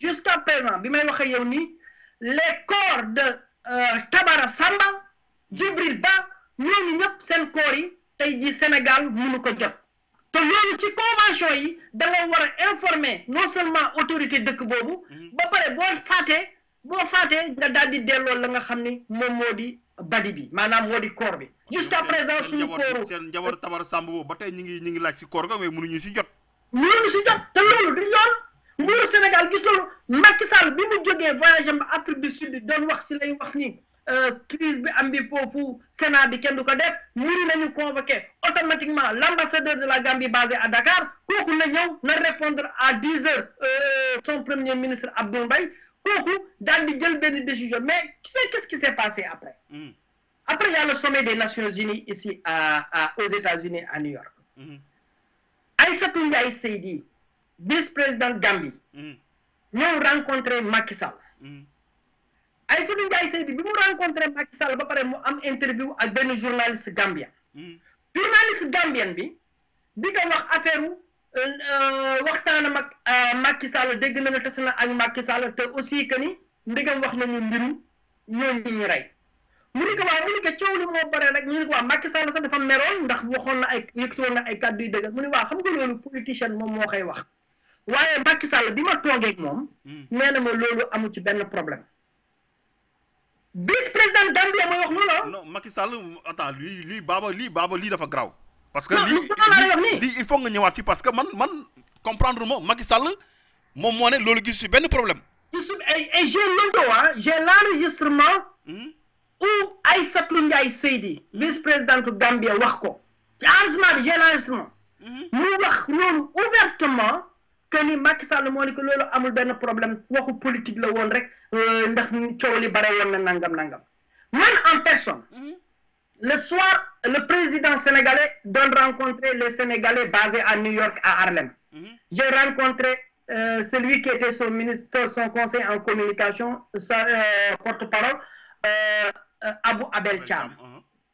jusqu'à présent bi may wax ak yow nii les corps de euh, Tabara Samba Djibril Ba ñooñu ñëpp seen corps yi tey jii Sénégal mënu ko jot te loolu ci convention yi da nga war a informer non seulement autorité dëkk boobu mm-hmm. ba pare boo fàttee boo fàttee nga daal di delloo la nga xam ni moom moo di badi bi maanaam moo di corps bi jusqu'à présent suñu kooru seen njaboot Tabara Samba boobu ba tey ñu ngi ñu ngi laaj si corps ga mais mënuñu si jot si jot te loolu du yoon Sénégal gis loolu Macky Sall bi mu voyage à Afrique du Sud doon wax si lay wax ni euh, crise bi am bi Sénat bi kenn du ko def automatiquement l'ambassadeur de la Gambie basé à Dakar koku na ñëw répondre à 10 heures euh, son premier ministre Abdoumbaye, Mbaye kooku di jël décision mais qu'est-ce qui s'est passé après hmm. après il y a le sommet des Nations Unies ici aux États-Unis à New York hmm. Aïssatou Ndiaye dit vice président Gambie. Mm. ñëw rencontré Macky Sall. Mm. Aïssatou ay Seydi bi mu rencontré Macky Sall ba pare mu am interview ak benn gambien. Mm. journaliste gambien bi di wax affaire euh, waxtaanam ak euh, Macky Sall dégg na ne tas na ak Macky Sall te aussi que ni ndigam wax nañu mbirum ñooñu ñu rey. mu ni ko waa mu ni ko coow li moo bare rek ñu ni ko waa Macky Sall sax dafa meroon ndax waxoon na ay yëkkati woon na ay kàddu yu dëgg mu ni waa xam nga loolu politicien moom moo koy wax. waaye Macky Sall bi ma hmm. problème. vice président Gambia wax ah. non Macky Sall attends lii lii pas lii baaba dafa graw parce que lii il faut nga ñëwaat ci parce que man man comprendre je Macky Sall moom moo ne gis si problème. et je j'ai hein, j'ai l'enregistrement. Hmm. où Ndiaye hmm. vice président Gambia wax ko. ci enregistrement j'ai ouvertement que ni Macky Sall moo ni que loolu amul ben problème waxu politique la won rek euh, ndax coow li bare won na nangam nangam man en personne mhm. le soir le président sénégalais donne rencontrer les Sénégalais basés à New York à Harlem mhm. j'ai rencontré euh, celui qui était son ministre son conseil en communication sa euh, porte-parole Abou Abel Thiam uh-huh.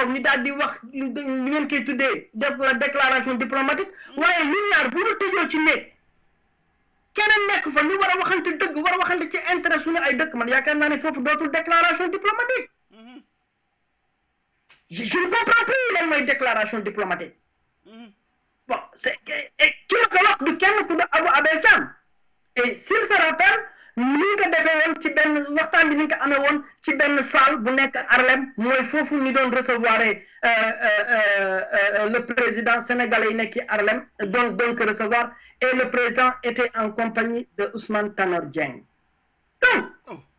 taxaw ñu daal di wax li ngeen koy tuddee def la déclaration diplomatique mm. waaye ñun ñaar bu ñu tëjoo ci néeg keneen nekk fa ñu war a waxante dëgg war a waxante ci intérêt suñu ay dëkk man yaakaar naa ne foofu dootul déclaration diplomatique mm-hmm. je ne comprends plus lan mooy déclaration diplomatique mm-hmm. bon c'est ki la ko wax du kenn ku du Abou Abel Thiam et s'il se rappelle ni nga defee woon ci benn waxtaan bi ni nga amee woon ci benn salle bu nekk recevoir euh, euh, euh, le président sénégalais yi nekk donc donc recevoir et le président était en compagnie de Ousmane Tanor Dieng donc oh.